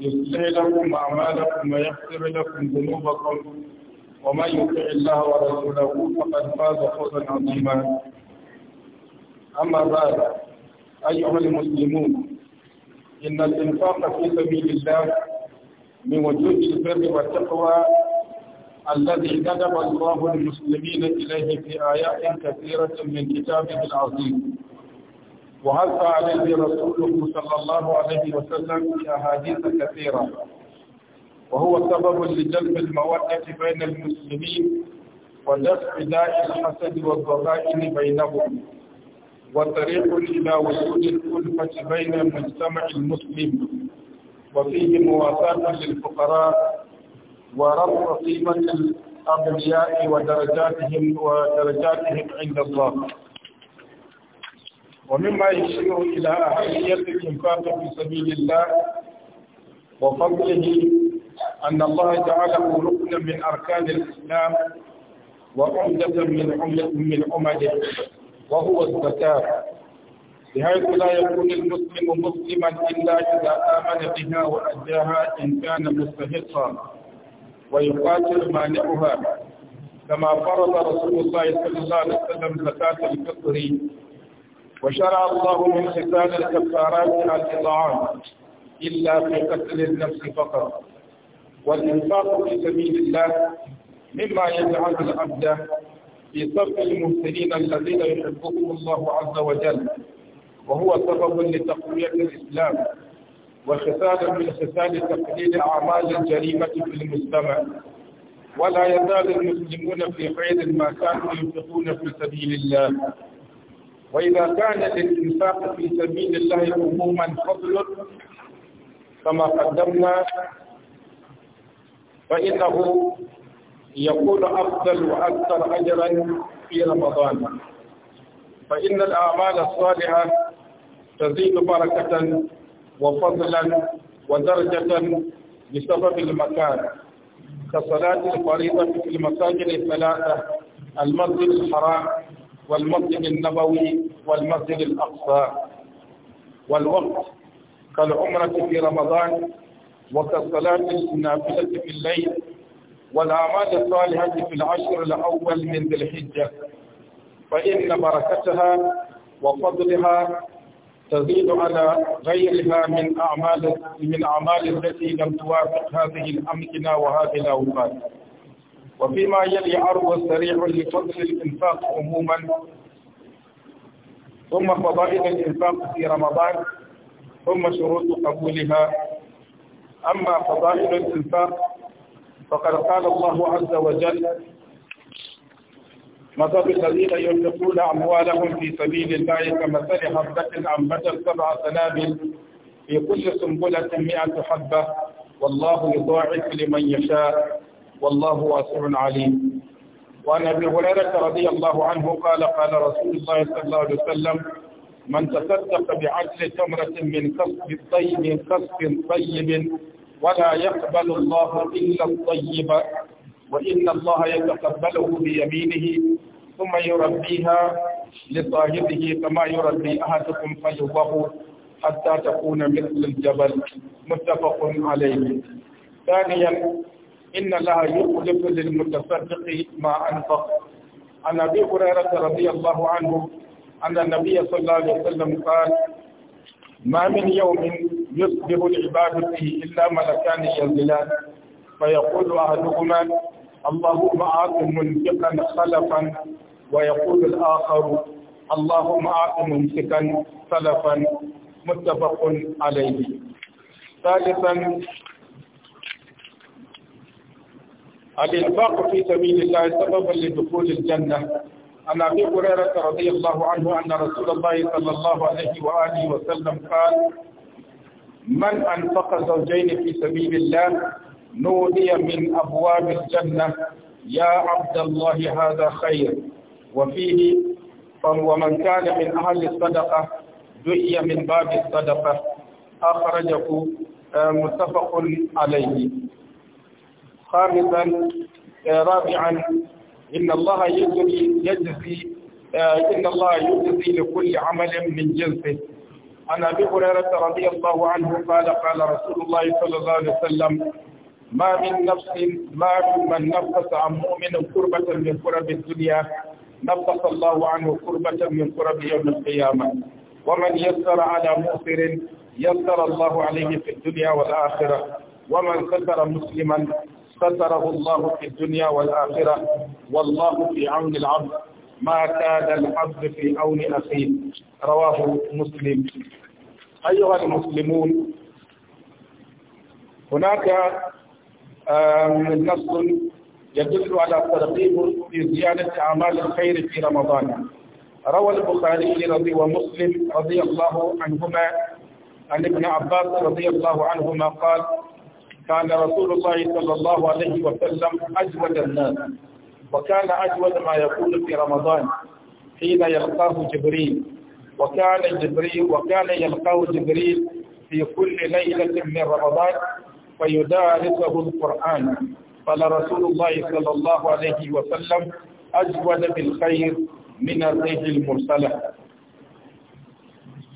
يصلح لكم أعمالكم ويغفر لكم ذنوبكم ومن يطع الله ورسوله فقد فاز فوزا عظيما أما بعد أيها المسلمون إن الإنفاق في سبيل الله من وجود البر والتقوى الذي ندب الله المسلمين إليه في آيات كثيرة من كتابه العظيم وهذا عليه رسوله صلى الله عليه وسلم في أحاديث كثيرة وهو سبب لجلب المودة بين المسلمين ودفع داء الحسد والضغائن بينهم وطريق إلى وجود الألفة بين المجتمع المسلم وفيه مواساة للفقراء ورفع قيمة الأغنياء ودرجاتهم ودرجاتهم عند الله ومما يشير إلى أهمية الإنفاق في سبيل الله وفضله أن الله جعله ركنا من أركان الإسلام وعمدة من عملة من عمده وهو الزكاة بحيث لا يكون المسلم مسلما إلا إذا آمن بها وأداها إن كان مستحقا ويقاتل مانعها كما فرض رسول الله صلى الله عليه وسلم زكاة الفطر وشرع الله من حساب الكفارات الإطعام إلا في قتل النفس فقط والإنفاق في سبيل الله مما يجعل العبد في صف المهتدين الذين يحبهم الله عز وجل وهو سبب لتقوية الإسلام وخسال من خسال تقليل أعمال الجريمة في المجتمع ولا يزال المسلمون في خير ما كانوا ينفقون في سبيل الله وإذا كان الإنفاق في سبيل الله عموما فضل كما قدمنا فإنه يكون أفضل وأكثر أجرا في رمضان فإن الأعمال الصالحة تزيد بركة وفضلا ودرجة بسبب المكان كصلاة الفريضة في المساجد الثلاثة المسجد الحرام والمسجد النبوي والمسجد الأقصى والوقت كالعمرة في رمضان وكالصلاة النافلة في الليل والأعمال الصالحة في العشر الأول من ذي الحجة فإن بركتها وفضلها تزيد على غيرها من أعمال من أعمال التي لم توافق هذه الأمكنة وهذه الأوقات. وفيما يلي عرض سريع لفضل الإنفاق عموما ثم فضائل الإنفاق في رمضان ثم شروط قبولها أما فضائل الإنفاق فقد قال الله عز وجل مثل الذين ينفقون أموالهم في سبيل الله كمثل حبة أنبتت سبع سنابل في كل سنبلة مئة حبة والله يضاعف لمن يشاء والله واسع عليم وعن ابي هريره رضي الله عنه قال قال رسول الله صلى الله عليه وسلم من تصدق بعدل تمرة من كسب طيب كسب طيب ولا يقبل الله إلا الطيب وإن الله يتقبله بيمينه ثم يربيها لصاحبه كما يربي أحدكم فيضه حتى تكون مثل الجبل متفق عليه ثانيا إن الله يخلف للمتصدق ما أنفق عن أبي هريرة رضي الله عنه أن النبي صلى الله عليه وسلم قال ما من يوم يصبح العباد فيه إلا ملكان ينزلان فيقول أحدهما اللهم أعط منفقا خلفا ويقول الآخر اللهم أعط ممسكا سلفا متفق عليه ثالثا الإنفاق في سبيل الله سببا لدخول الجنة عن أبي هريرة رضي الله عنه أن رسول الله صلى الله عليه وآله وسلم قال من أنفق زوجين في سبيل الله نودي من أبواب الجنة يا عبد الله هذا خير وفيه ومن كان من أهل الصدقة دعي من باب الصدقة أخرجه آه، متفق عليه خامسا آه، رابعا إن الله يجزي يجزي آه، إن الله يجزي لكل عمل من جنسه عن أبي هريرة رضي الله عنه قال قال رسول الله صلى الله عليه وسلم ما من نفس ما من نفس عن مؤمن كربة من كرب الدنيا نفس الله عنه كربة من كرب يوم القيامة ومن يسر على مؤثر يسر الله عليه في الدنيا والآخرة ومن ستر مسلما ستره الله في الدنيا والآخرة والله في عون العبد ما كان العبد في عون أخيه رواه مسلم أيها المسلمون هناك نص يدل على ترغيب في زيادة أعمال الخير في رمضان روى البخاري رضي ومسلم رضي الله عنهما عن ابن عباس رضي الله عنهما قال كان رسول الله صلى الله عليه وسلم أجود الناس وكان أجود ما يقول في رمضان حين يلقاه جبريل وكان جبريل وكان يلقاه جبريل في كل ليلة من رمضان فيدارسه القرآن قال رسول الله صلى الله عليه وسلم أجود بالخير من الريح المرسلة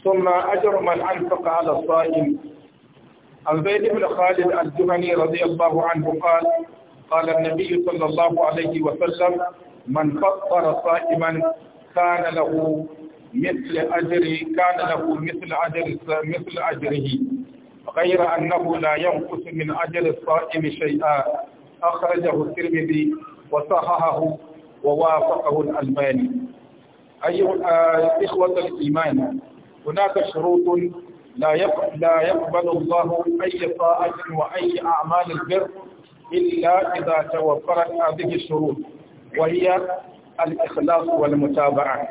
ثم أجر من أنفق على الصائم عن زيد بن خالد الجهني رضي الله عنه قال قال النبي صلى الله عليه وسلم من فطر صائما كان له مثل أجر كان له مثل أجر مثل أجره غير أنه لا ينقص من أجر الصائم شيئا أخرجه الترمذي وصححه ووافقه الألباني أيها الإخوة الإيمان هناك شروط لا لا يقبل الله أي طاعة وأي أعمال البر إلا إذا توفرت هذه الشروط وهي الإخلاص والمتابعة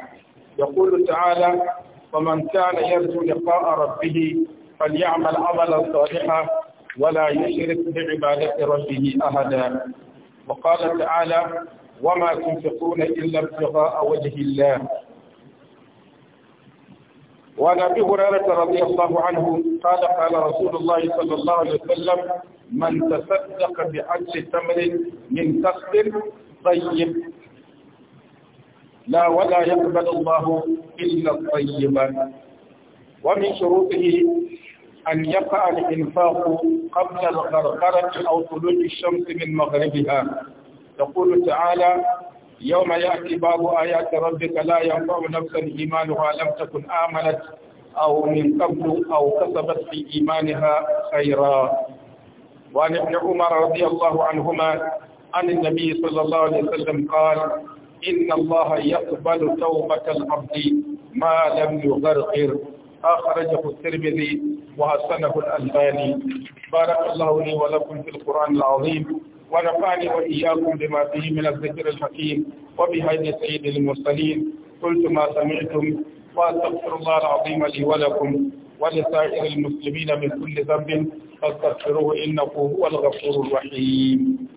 يقول تعالى فمن كان يرجو لقاء ربه فليعمل عملا صالحا ولا يشرك بعبادة ربه أحدا وقال تعالى وما تنفقون إلا ابتغاء وجه الله وعن أبي هريرة رضي الله عنه قال قال رسول الله صلى الله عليه وسلم من تصدق بعدل تمر من تخت طيب لا ولا يقبل الله إلا الطيب ومن شروطه أن يقع الإنفاق قبل الغرغرة أو طلوع الشمس من مغربها يقول تعالى يوم يأتي باب آيات ربك لا ينفع نفسا إيمانها لم تكن آمنت أو من قبل أو كسبت في إيمانها خيرا وعن ابن عمر رضي الله عنهما عن النبي صلى الله عليه وسلم قال إن الله يقبل توبة العبد ما لم يغرغر أخرجه الترمذي وحسنه الألباني بارك الله لي ولكم في القرآن العظيم ونفعني وإياكم بما فيه من الذكر الحكيم وبهدي سيد المرسلين قلت ما سمعتم وأستغفر الله العظيم لي ولكم ولسائر المسلمين من كل ذنب فاستغفروه إنه هو الغفور الرحيم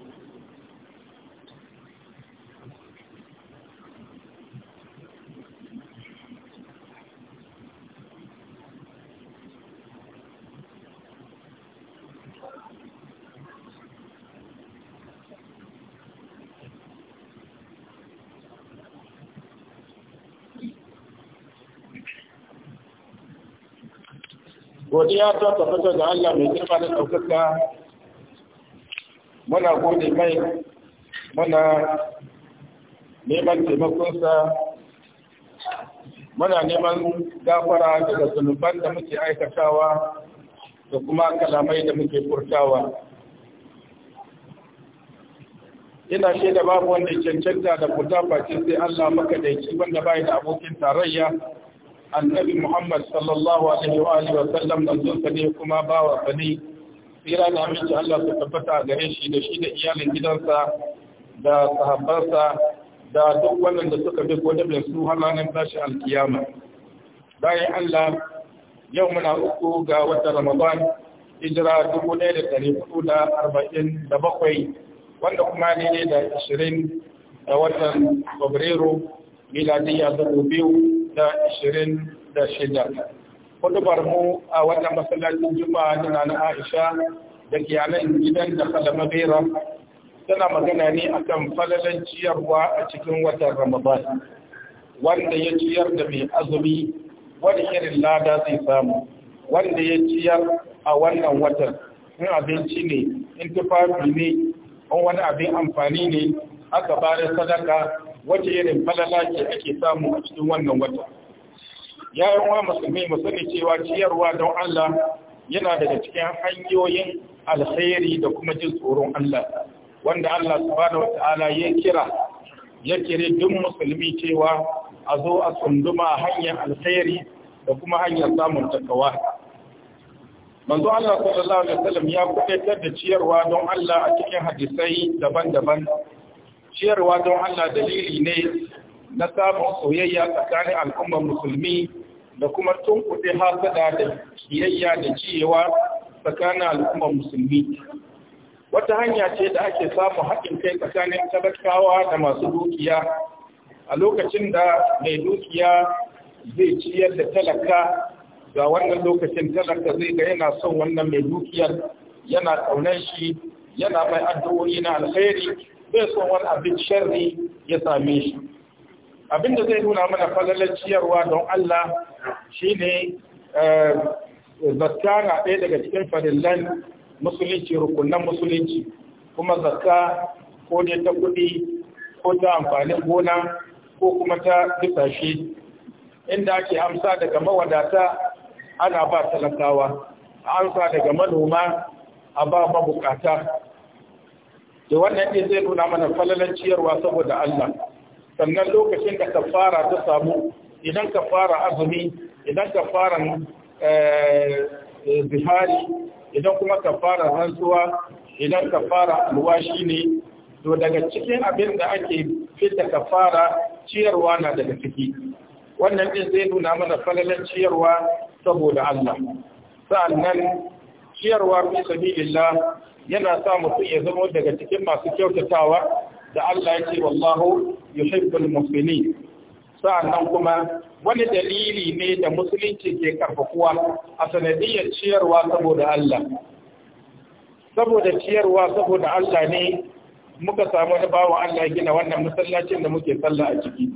godiya ta tabbata ga Allah mai girma da ɗaukaka muna gode mai muna neman taimakonsa muna neman gafara daga zunuban da muke aikatawa da kuma kalamai da muke furtawa ina shaida babu wanda cancanta da fita bakin sai Allah maka da wanda bai da abokin tarayya annabi Muhammad sallallahu alaihi wa alihi wa sallam nan zuwa ne kuma bawa sani tsira da aminci Allah su tabbata gare shi da shi da iyalin gidansa da sahabbansa da duk wannan da suka bi ko da su har ranar tashi alkiyama bayan Allah yau muna uku ga wata Ramadan hijira 1447 wanda kuma ne da 20 da watan Fabrairu miladiyya 2000 da ishirin da shida hudubar mu a wannan masallacin juma'a na na aisha da kiyanan gidan da kalama bera tana magana ne akan falalan ciyarwa a cikin watan ramadan wanda ya ciyar da mai azumi wani irin lada zai samu wanda ya ciyar a wannan watan in abinci ne in tufafi ne wani abin amfani ne aka ba da sadaka wace irin falala ce ake samu a cikin wannan wata ya wa musulmi musulmi cewa ciyarwa don Allah yana daga cikin hanyoyin alkhairi da kuma jin tsoron Allah wanda Allah subhanahu wata'ala ya kira ya kire duk musulmi cewa a zo a tsunduma hanyar alkhairi da kuma hanyar samun takawa manzo Allah sallallahu alaihi wasallam ya kudaitar da ciyarwa don Allah a cikin hadisai daban-daban ciyarwa don Allah dalili ne na samun soyayya tsakanin al'ummar musulmi da kuma tunkuɗe hasada da kiyayya da ciyewa tsakanin al'ummar musulmi. Wata hanya ce da ake samun haɗin kai tsakanin talakawa da masu dukiya a lokacin da mai dukiya zai ciyar da talaka ga wannan lokacin talaka zai ga yana son wannan mai dukiyar yana ƙaunar shi yana mai addu'o'i na alkhairi bai son wani abin sharri ya same shi abin da zai nuna mana falalar ciyarwa don Allah shine eh, zakka na ɗaya daga cikin farillan musulunci rukunan musulunci kuma zaka ko ne ta kuɗi ko ta amfanin gona ko kuma ta bisashe inda ake amsa daga mawadata ana ba talakawa amsa daga manoma a ba mabukata to wannan ne zai nuna mana falalan ciyarwa saboda Allah sannan lokacin da kafara ta samu idan kafara azumi idan kafaran eh, zihari idan kuma kafara rantsuwa idan kafara shi ne to daga cikin abin da ake fita kafara ciyarwa na daga ciki wannan din zai nuna mana falalan ciyarwa saboda Allah sa'annan ciyarwa fi sabilillah yana sa mutum ya zama daga cikin masu kyautatawa da Allah yake wallahu yuhibbul muhsinin nan kuma wani dalili ne da musulunci ke karfafuwa a sanadiyyar ciyarwa saboda Allah saboda ciyarwa saboda Allah ne muka samu da Allah gina wannan masallacin da muke sallah a ciki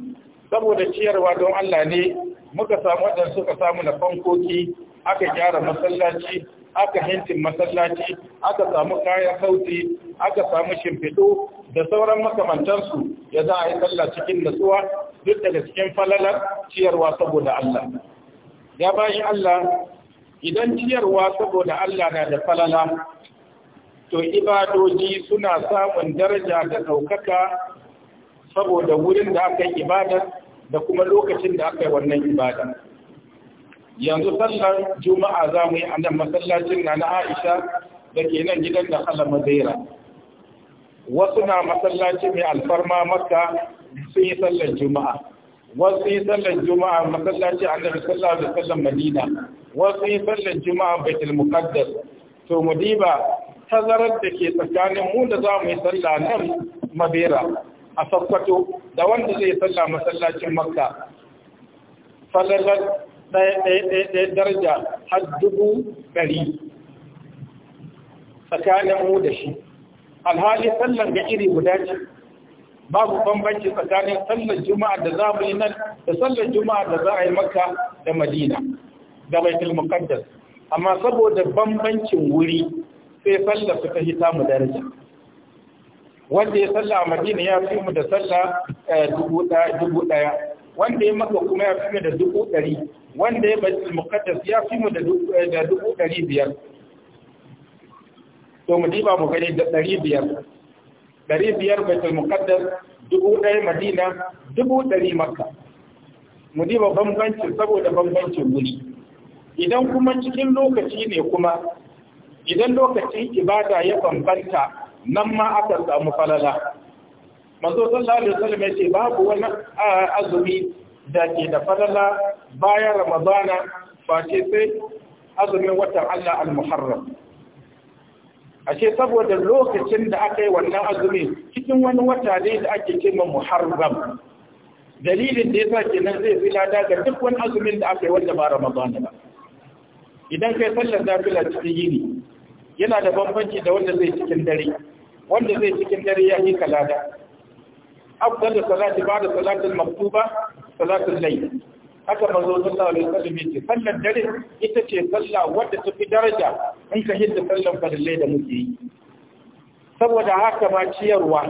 saboda ciyarwa don Allah ne muka samu da suka samu na fankoki aka gyara masallaci aka hentin masallaci aka samu kayan sauti aka samu shimfiɗo da sauran makamantansu ya za a yi sallah cikin nutsuwa duk daga cikin falalar ciyarwa saboda Allah ya bayan Allah idan ciyarwa saboda Allah na da falala to ibadoji suna samun daraja da ɗaukaka saboda wurin da aka yi ibada da kuma lokacin da aka yi wannan ibada yanzu sallar juma'a za mu yi a nan masallacin na na aisha da ke nan gidan da halar madaira wasu na masallacin mai alfarma maka sun yi sallar juma'a wasu yi sallar juma'a masallacin nan sallar da sallar madina wasu yi sallar juma'a bakil Mukaddas, to mu diba tazarar da ke tsakanin mu da za mu yi sallar nan mabera a sakwato da wanda zai sallar masallacin maka. falalar ɗaya ɗaya ɗaya ɗaya daraja har dubu ɗari tsakanin mu da shi alhali sallan ga iri guda ce babu bambanci tsakanin sallar juma'a da za mu yi nan da sallar juma'a da za a yi maka da madina da baitul muqaddas amma saboda bambancin wuri sai sallar su ta hita mu daraja wanda ya salla a madina ya fi mu da salla eh, dubu ɗaya wanda ya maka kuma ya fi da dubu ɗari wanda ya bai mukaddas ya fi mu eh, da dubu ɗari biyar to mu diba mu gani da ɗari biyar ɗari biyar ta mukaddas dubu ɗaya madina dubu ɗari maka. mu diba bambancin saboda bambancin wuri idan kuma cikin lokaci ne kuma idan lokacin ibada ya bambanta nan ma aka samu falala manzo sallallahu alaihi wasallam ya ce babu wani azumi da ke da fadala bayan ramadana face sai azumin watan Allah al-Muharram ashe saboda lokacin da aka yi wannan azumi cikin wani wata ne da ake cewa Muharram dalilin da yasa kenan zai fi lada ga duk wani azumin da aka yi wanda ba ramadana ba idan kai sallar nafila cikin yini yana da bambanci da wanda zai cikin dare wanda zai cikin dare ya yi kalada afdal salati ba'da salatil maktuba salatin layl haka manzo sallallahu alaihi wasallam yace sallar dare ita ce sallah wadda ta fi daraja in ka hidda sallar farillai da muke yi saboda haka ma ciyarwa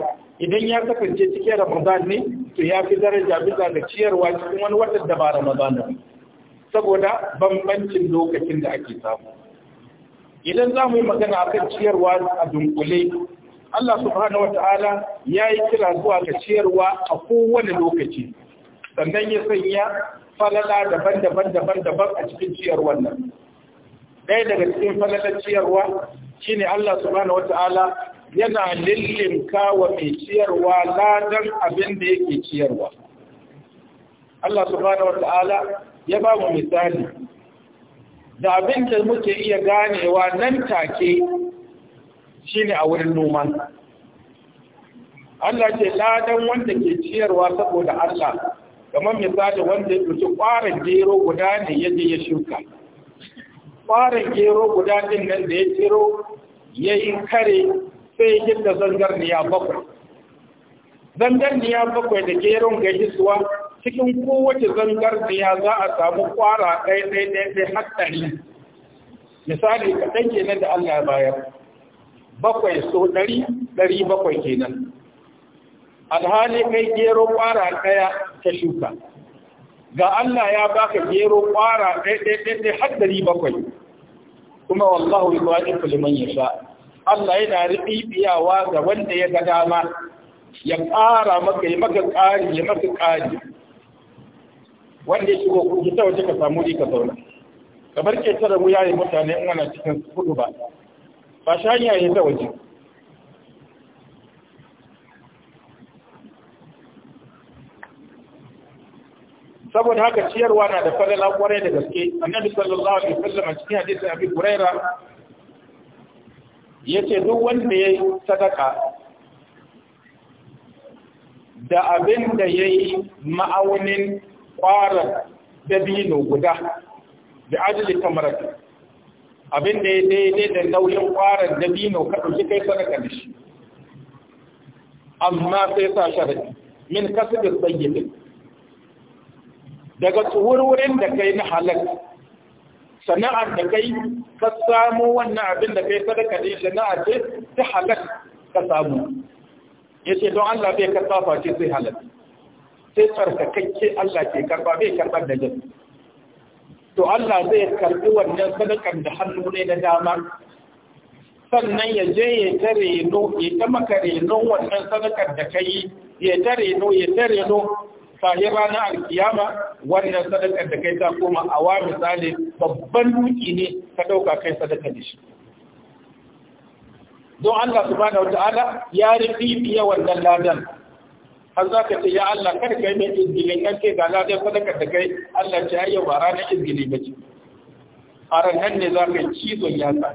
idan ya kasance cikin ramadan ne to ya fi daraja bisa ga ciyarwa cikin wani watan da ba ramadan saboda bambancin lokacin da ake samu idan za mu yi magana akan ciyarwa a dunkule Allah subhanahu wata'ala ya yi kira zuwa ga ciyarwa a kowane lokaci sannan ya sanya falala daban-daban daban-daban a cikin ciyarwar nan ɗaya daga cikin falalar ciyarwa shine Allah subhanahu wata'ala yana lillinka wa mai ciyarwa ladan abin da yake ciyarwa Allah subhanahu wata'ala ya ba mu misali da abin da muke iya ganewa nan take shine a wurin noma Allah ce ladan wanda ke ciyarwa saboda Allah kamar misali wanda ya ɗauki ƙwarin gero guda ne ya je ya shuka ƙwarin gero guda ɗin nan da ya ciro ya yi kare sai ya gidda zangarniya bakwai zangarniya bakwai da geron ga hisuwa cikin kowace zangarniya za a samu ƙwara ɗaya ɗaya ɗaya har ɗari misali kaɗan kenan da Allah ya bayar bakwai so ɗari ɗari bakwai kenan alhali kai gero ƙwara ɗaya ta shuka ga Allah ya baka gero ƙwara ɗaiɗaiɗaiɗai har ɗari bakwai kuma wallahu yi zuwa ɗin ya sha Allah yana riɓiɓiyawa ga wanda ya ga dama ya ƙara maka ya maka ƙari ya maka ƙari wanda ya shigo kuɗi ta waje ka samu ka zauna kamar ke tara mu yayin mutane in ana cikin kudu ba ba shi hanya ya ta waje saboda haka ciyarwa na da falala kwarai da gaske annabi sallallahu alaihi wasallam a cikin abin abi ya yace duk wanda yayi sadaka da abin da yi ma'aunin kwarar dabino guda da ajli kamar abin da ya daidai da nauyin kwarar dabino ka ɗauki kai sadaka da shi amma sai sa sharadi min kasu da tsayyidin daga tsuwurwurin da kai na halar sana'ar da kai ka samu wannan abin da kai sadaka ne sana'a ce ta halar ka samu ya ce don Allah bai karɓa ce sai halar. sai tsarkakakke Allah ke karɓa bai karɓar da jami'a to Allah zai karɓi wannan sadakar da hannu ne na dama sannan ya je ya ta reno ya ta maka renon wannan sadakar da ka yi ya ta reno ya ta reno sahi ranar alkiyama wannan sadakar da kai ta koma a wa misali babban duki ne ka ɗauka kai sadaka da shi don Allah subhanahu wa ta'ala ya rufi fiye wannan ladan har za ka ce ya Allah kar kai mai izgilin an ce ga na dai sadaka da kai Allah ce ayyau ba ranar izgili ba ce a ranar ne za ka yi cizon yatsa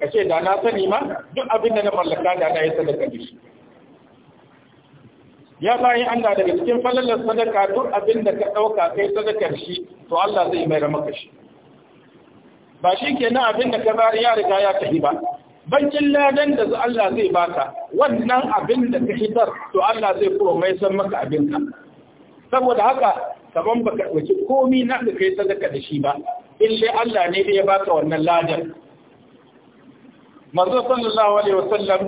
ka ce da na sani ma duk abin da na mallaka da na yi sadaka da shi ya an Allah daga cikin falalar sadaka duk abin da ka ɗauka kai sadakar shi to Allah zai mai maka shi ba shi ke na abin da ka bari ya riga ya tafi ba bakin ladan da Allah zai baka wannan abin da ka hitar to Allah zai kuma mai san maka abin ka saboda haka kaman baka wuce komai na da kai sadaka da shi ba illai Allah ne da ya baka wannan ladan manzo sallallahu alaihi wasallam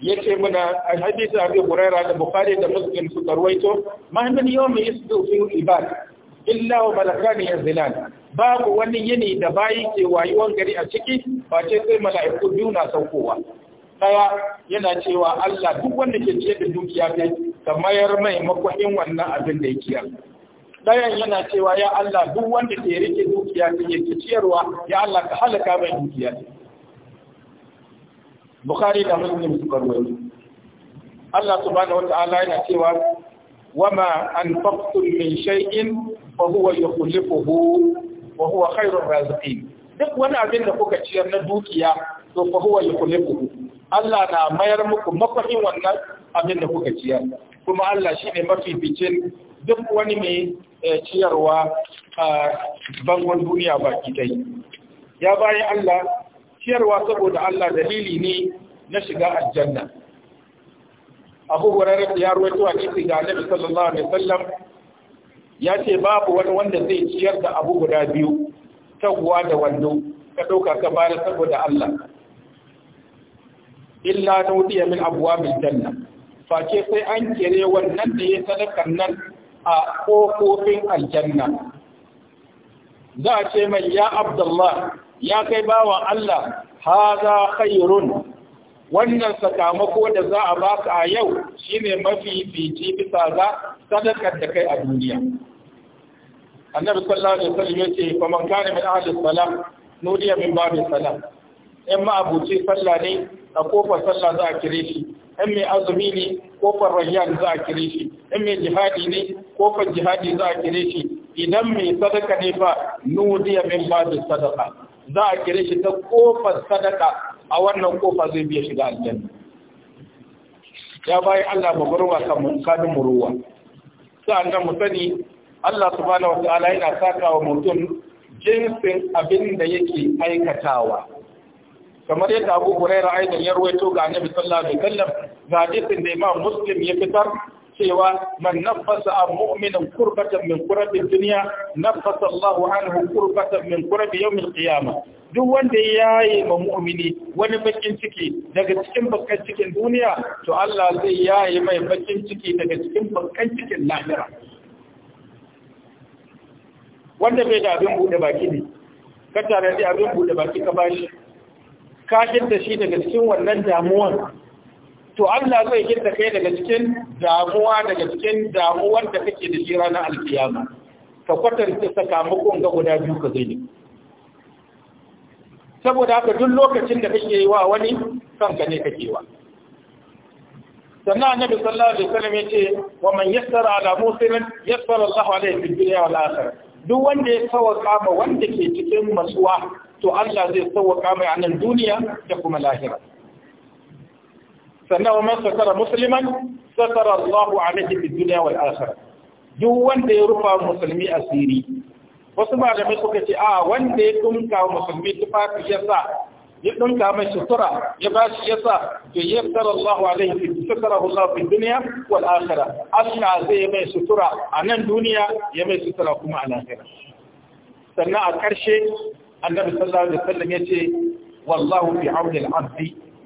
yace muna hadisi Abu Hurairah da Bukhari da Muslim su ruwaito ma min yawmi yasdu fi ibad illa wa malakani yanzilan babu wani yini da bayi ke wayuwan gari a ciki ba ce sai mala'iku biyu na saukowa daya yana cewa Allah duk wanda ke ciyar da dukiya ne ka mayar mai makwahin wannan abin da ya yar daya yana cewa ya Allah duk wanda ke rike dukiya ne yake ciyarwa ya Allah ka halaka mai dukiya ta Bukhari da Muslim suka rawaito Allah subhanahu wata'ala yana cewa wama anfaqtum min shay'in fa huwa yukhlifuhu wa huwa khairur raziqin duk wani abin da kuka ciyar na dukiya to fa huwa yukhlifuhu Allah na mayar muku mafahin wannan abin da kuka ciyar kuma Allah shine mafificin duk wani mai eh, ciyarwa a bangon duniya baki dai ya baya Allah ciyarwa saboda Allah dalili ne na shiga aljanna Abu Hurairah ya rawaito a cikin Annabi sallallahu alaihi wasallam ya ce babu wani wanda zai ciyar da abu guda biyu taguwa da wando ka ɗauka ka saboda Allah illa nudiya min abuwa mai janna face sai an kere wannan da ya sadakar nan a ƙofofin aljanna za a ce mai ya abdullah ya kai bawan Allah haza khairun wannan sakamako da za a baka a yau shine mafi fici bisa za sadakar da kai a duniya annabi sallallahu alaihi wasallam yace fa man kana min ahli salam nudiya min babi salam in ma abuci sallah ne a kofar sallah za a kire shi in mai azumi ne kofar rayyan za a kire shi in mai jihadi ne kofar jihadi za a kire shi idan mai sadaka ne fa nudiya min babi sadaka za a kire shi ta kofar sadaka a wannan kofa zai biya shiga aljanna ya bayi Allah mu gurwa kan mun kadin muruwa sa'an nan mu sani Allah subhanahu wata'ala yana saka wa mutum jinsin abin da yake aikatawa kamar yadda Abu Hurairah aidan ya ruwaito ga Annabi sallallahu alaihi wasallam hadisin da Imam Muslim ya fitar cewa man nafasa a mu'minin kurbatan min kurabin duniya nafasa Allah anhu kurbatan min kurabi yawmin qiyama duk wanda ya yi ma mu'mini wani bakin ciki daga cikin bakan cikin duniya to Allah zai yaye mai bakin ciki daga cikin bakan cikin lahira wanda bai da abin buɗe baki ne ka tare da abin buɗe baki ka bashi ka kinta shi daga cikin wannan damuwan to Allah zai kinta kai daga cikin damuwa daga cikin damuwar da kake da shi ranar alkiyama ka kwatanta sakamakon ga guda biyu ka zai ne saboda haka duk lokacin da kake yi wa wani kanka ne kake wa sannan annabi sallallahu alaihi wasallam yace wa man yassara ala musirin yassara Allah alaihi fid dunya wal akhirah duk wanda ya sawaka ma wanda ke cikin masuwa to Allah zai sawaka mai a nan duniya da kuma lahira sannan wa man satara musliman satara Allah alaihi fid dunya wal akhirah duk wanda ya rufa musulmi asiri wasu malamai suka ce a wanda ya tunka musulmi tufafi ya sa ya ɗinka mai sutura ya ba shi ya sa to ya fitar Allah alaihi fi sutura Allah fi duniya wal akhirah Allah zai mai sutura a nan duniya ya mai sutura kuma a lahira sannan a ƙarshe annabi sallallahu alaihi wasallam ya ce wallahu fi auni al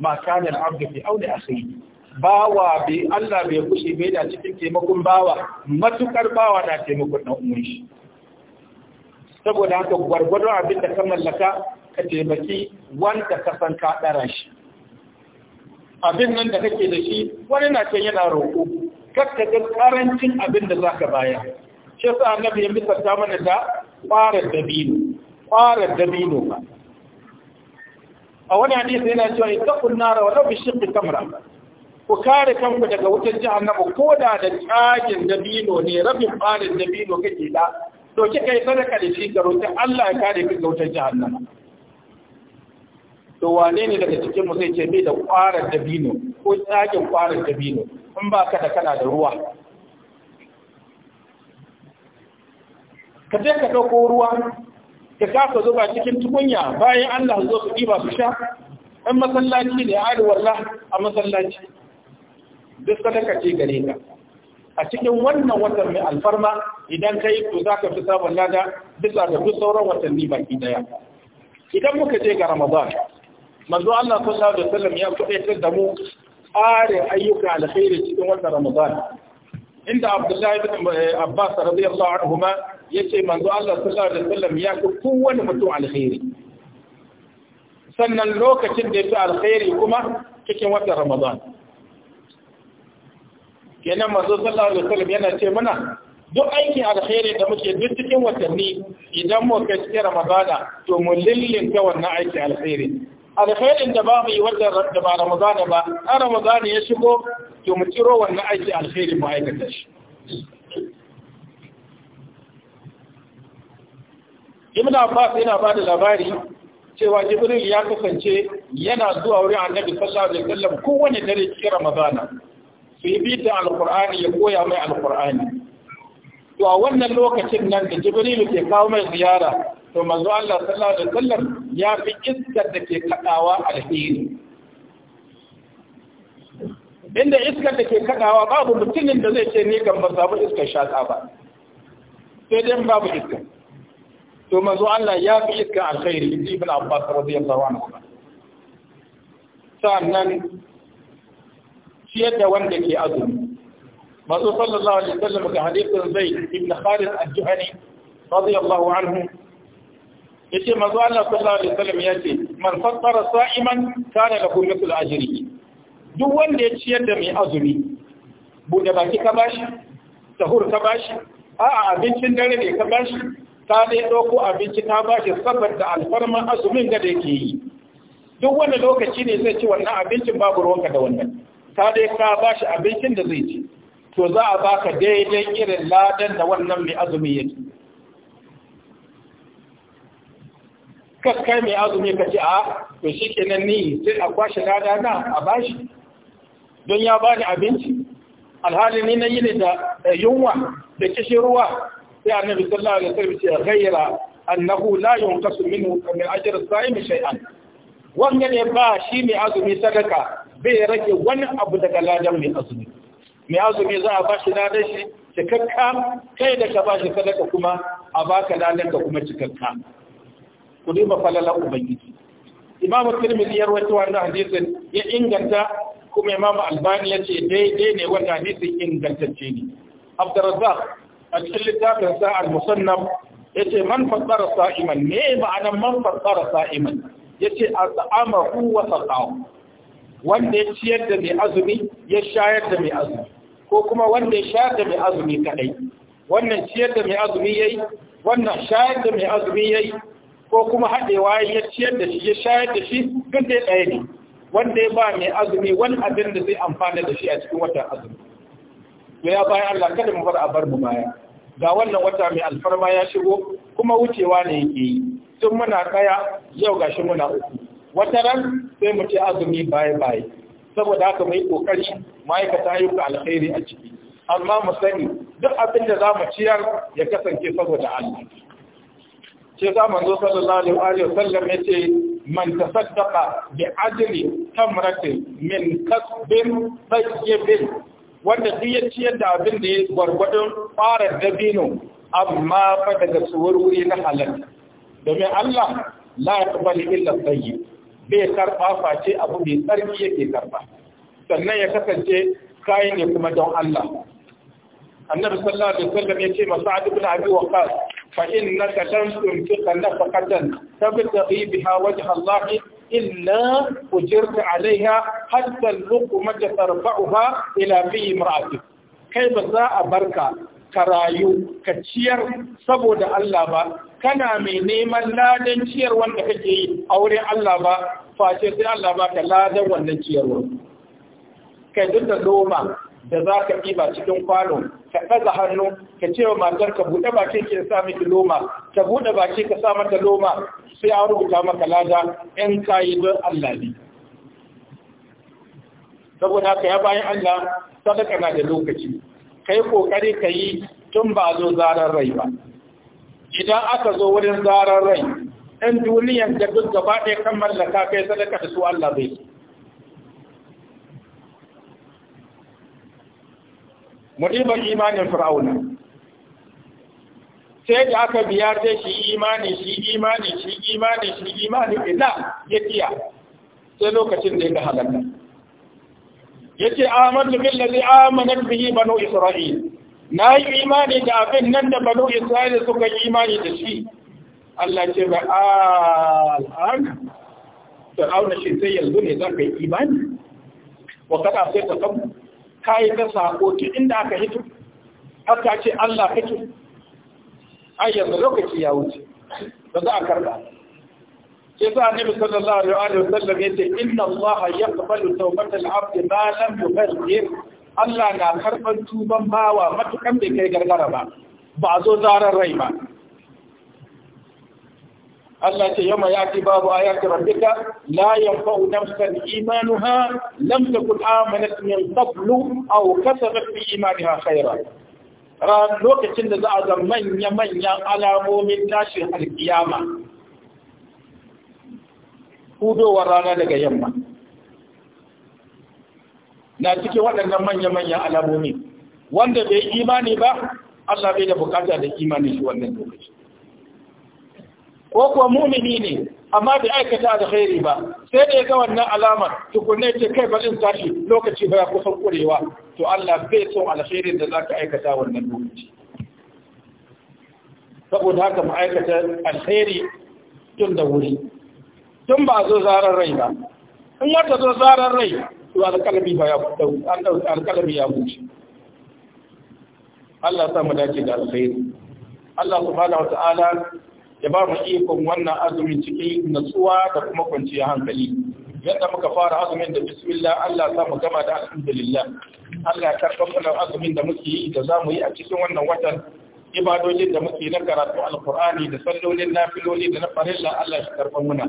ma kana abdu fi auni akhihi bawa bai Allah bai kushe bai da cikin taimakon bawa matukar bawa na taimakon dan uwan shi saboda haka gwargwado abin da ka mallaka ka taimaki wanda ka san ka ɗara shi abin nan da kake da shi wani na can yana roƙo kakka ga ƙarancin abin da za ka baya. shi sa annabi ya ta mana da ƙwarar dabino ƙwara dabino ba a wani hadisi yana cewa ita kunnara wa shi shiƙi tamra ku kare kanku daga wutar jahannama ko da da tsagin dabino ne rabin ɓarin dabino kake da to kika yi sadaka da shi ga rotar Allah ya kare ka ga wutar jahannama to wane ne daga cikin mu zai ce bai da kwarar dabino ko tsakin kwarar dabino in ba ka da kana da ruwa ka je ka ɗauko ruwa ka kafa zuba cikin tukunya bayan Allah zo su ɗiba su sha ɗan masallaci ne arewalla a masallaci duk sadaka ce gare ka a cikin wannan watan mai alfarma idan ka yi to za ka fi sabon lada bisa da duk sauran watanni baki daya idan muka je ga ramadan manzo Allah sallallahu alaihi wasallam ya faɗaitar da mu are ayyuka alkhairi cikin wannan Ramadan inda Abdullahi ibn eh, Abbas radiyallahu anhuma yace manzo Allah sallallahu alaihi wasallam ya fi kowanne mutum alkhairi sannan lokacin da ya fi alkhairi kuma cikin wannan Ramadan kenan manzo sallallahu alaihi wasallam yana ce mana duk aikin alkhairi da muke duk cikin watanni idan muka cikin Ramadana to mu lillinta wannan aikin alkhairi alkhairin da ba mu yi wanda da ba Ramadana ba a Ramadana ya shigo to mu tiro wannan aiki alkhairin mu aikata shi Ibn Abbas yana ba da labari cewa Jibril ya kasance yana zuwa wurin Annabi sallallahu alaihi wasallam kowanne dare cikin Ramadana su yi bita alkur'ani ya koya mai alkur'ani to a wannan lokacin nan da Jibril ke kawo mai ziyara to manzo Allah sallallahu alaihi wasallam ya fi iskar da ke kadawa alheri inda iskar da ke kadawa babu mutumin da zai ce ni kan ba samu iskar shaka ba sai dai babu iskar to manzo Allah ya fi iskar alkhairi ibn Abbas radiyallahu anhu sannan ciyar da wanda ke azumi manzo sallallahu alaihi wasallam ga hadisin zai ibn Khalid al-Juhani radiyallahu anhu yace manzo Allah sallallahu alaihi wasallam yace man fattara sa'iman kana lahu mithlu ajri duk wanda ya ciyar da mai azumi bude baki ka bashi sahur ka bashi a'a abincin dare ne ka bashi ka dai dauko abinci ka bashi saboda alfarman azumin ga da yake yi duk wanda lokaci ne zai ci wannan abincin babu ruwanka da wannan ka dai ka bashi abincin da zai ci to za a baka daidai irin ladan da wannan mai azumi yake Kai mai azumi ka ce a to shi kenan ni sai a kwashe lada na a bashi don ya bani abinci alhali ni na yi ne da yunwa da kishin ruwa sai annabi sallallahu alaihi wasallam ya gaira annahu la yunqasu minhu ajr as sa'im shay'an wannan ne ba shi mai azumi sadaka bai rage wani abu daga ladan mai azumi mai azumi za a bashi ladan shi cikakka kai da ka bashi sadaka kuma a baka ladan ka kuma cikakka ku duba falalan ubangiji imamu tirmidhi ya rawaito wannan hadisin ya inganta kuma imamu albani ya ce daidai ne wannan hadisin ingantacce ne abdurrazzaq a cikin littafin sa al-musannaf yace man fassara sa'iman me ma'anar man fassara sa'iman yace at'amahu wa saqahu wanda ya ciyar da mai azumi ya shayar da mai azumi ko kuma wanda ya shayar da mai azumi kadai wannan ciyar da mai azumi yayi wannan shayar da mai azumi yayi ko kuma haɗewa ya ciyar da shi ya shayar da shi duk dai ɗaya ne wanda ya ba mai azumi wani abin da zai amfana da shi a cikin watan azumi to ya bayan Allah kada mu bar a bar mu baya ga wannan wata mai alfarma ya shigo kuma wucewa ne yake yi tun muna kaya, yau ga shi muna uku wata ran sai mu ci azumi baya baya saboda haka mu yi kokari ma'aikata ayyuka alkhairi a ciki amma mu sani duk abin da za mu ciyar ya kasance saboda Allah ce za mu zo sallallahu alaihi wa wasallam yace man tasaddaqa bi ajli tamratin min kasbin tayyibin wanda duk ya ciyar da abin da ya gwargwadon fara dabino amma fa daga tsuwar wuri na halal domin Allah la yaqbalu illa tayyib bai karba face abu mai tsarki yake karba sannan ya kasance kayan ne kuma don Allah annabi sallallahu alaihi wasallam yace masa'ad ibn abi waqas فإنك لن تنفق نفقة تبتغي بها وجه الله إلا أجرت عليها حتى اللقمة ترفعها إلى في امرأتك كيف ذا بركة karayu ka ciyar saboda Allah ba kana mai neman ladan ciyar wanda kake yi a wurin Allah ba face sai Allah ba ka ladan wannan ciyarwa kai duk da noma da za ka ba cikin kwano ka ɗaga hannu ka ce wa matar ka buɗe baki ke sa miki loma ka buɗe baki ka sa mata loma sai an rubuta maka lada 'Yan ka yi don Allah ne saboda kaya ya bayan Allah sadaka na da lokaci kai kokari ka yi tun ba zo zarar rai ba idan aka zo wurin zarar rai ɗan duniyan da duk gaba ɗaya kan mallaka kai sadaka da su Allah bai mu'ibar imanin fir'auna sai da aka biya sai shi imani shi imani shi imani shi imani ina ya kiya sai lokacin da ya halaka ya ce amadu billazi amanar bihi banu isra'il na yi imani da abin nan da banu isra'il suka yi imani da shi Allah ce ba al'an fir'auna shi sai yanzu ne za ka yi imani wa kada sai ta kabu ka yi sako duk inda aka hito hatta ce Allah kake ai yanzu lokaci ya wuce ba za a karba ce sa annabi sallallahu alaihi wa sallam yace inna Allah yaqbalu tawbatal abd ma lam yughayyir Allah na karban tuban bawa matukan bai kai gargara ba ba zo zarar rai ba Allah ce yamma ya ce babu ayati rabbika la yanfa'u nafsan imanuha lam takun amanat min qablu aw kasabat fi imaniha khayra ran lokacin da za a ga manya manyan alamomin tashin alkiyama hudowar rana daga yamma na cikin waɗannan manya manyan alamomi wanda bai imani ba Allah bai da bukata da imani shi wannan lokacin. ko kuwa mumini ne amma bai aikata alkhairi ba sai da ya ga wannan alamar tukunne ce kai ba zan tashi lokaci ba kusan kurewa to Allah bai son alkhairin da zaka aikata wannan lokaci saboda haka mu aikata alkhairi tun da wuri tun ba zo zarar rai ba in wata zo zarar rai to alkalami ba ya alkalami ya buce Allah ya samu dace da alkhairi Allah subhanahu wa ta'ala ya ba mu ikon wannan azumin cikin natsuwa da kuma kwanciya hankali yadda muka fara azumin da bismillah Allah za mu gama da alhamdulillah Allah ya karɓar mana azumin da muke yi da za mu yi a cikin wannan watan ibadojin da muke na karatu alkur'ani da sallolin nafiloli da na farilla Allah ya karɓar muna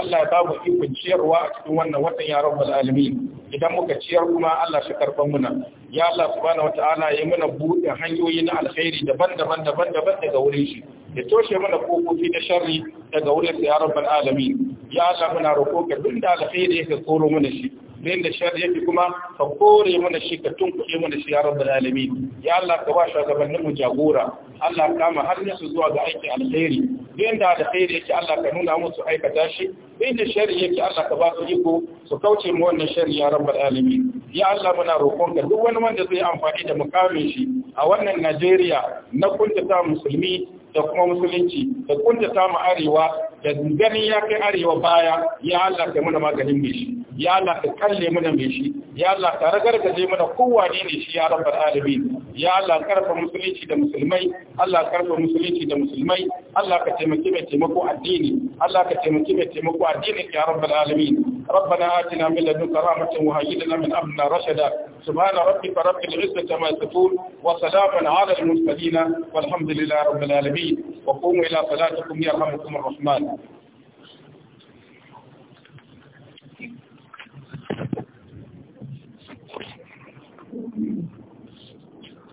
Allah ya ba mu ikon ciyarwa a cikin wannan watan ya rabbal alamin idan muka ciyar kuma Allah ya karban muna ya Allah subhanahu wataala ya muna buɗe hanyoyi na alkhairi daban-daban daban-daban daga wurin shi ya toshe mana kofofi da sharri daga wurin ya rabbal alamin ya Allah muna roƙo ka tun da alkhairi yake koro mana shi din da sharri yake kuma ka kore mana shi ka tunkuɗe mana shi ya rabbal alamin ya Allah ka ba shugabannin mu jagora Allah kama har su zuwa ga aikin alkhairi din da alkhairi yake Allah ka nuna musu aikata shi din da sharri yake Allah ka ba su iko su kauce mu wannan sharri ya rabbal alamin ya Allah muna roƙon ka duk wani wanda zai amfani da mukamin shi a wannan Najeriya na kunta ta musulmi da kuma musulunci da kunta ta mu arewa da ganin ya kai arewa baya ya Allah mana maganin bishi ya Allah ka kalle mana mai shi ya Allah ka ragargaje mana kowane ne shi ya rabbal alamin ya Allah karfa musulunci da musulmai Allah karfa musulunci da musulmai Allah ka taimaki mai taimako addini Allah ka taimaki mai taimako addini ya rabbal alamin ربنا آتنا من لدنك رحمة وهيئ لنا من أمرنا رشدا سبحان ربك رب العزة ما يصفون وسلام على المرسلين والحمد لله رب العالمين وقوموا إلى صلاتكم يرحمكم الرحمن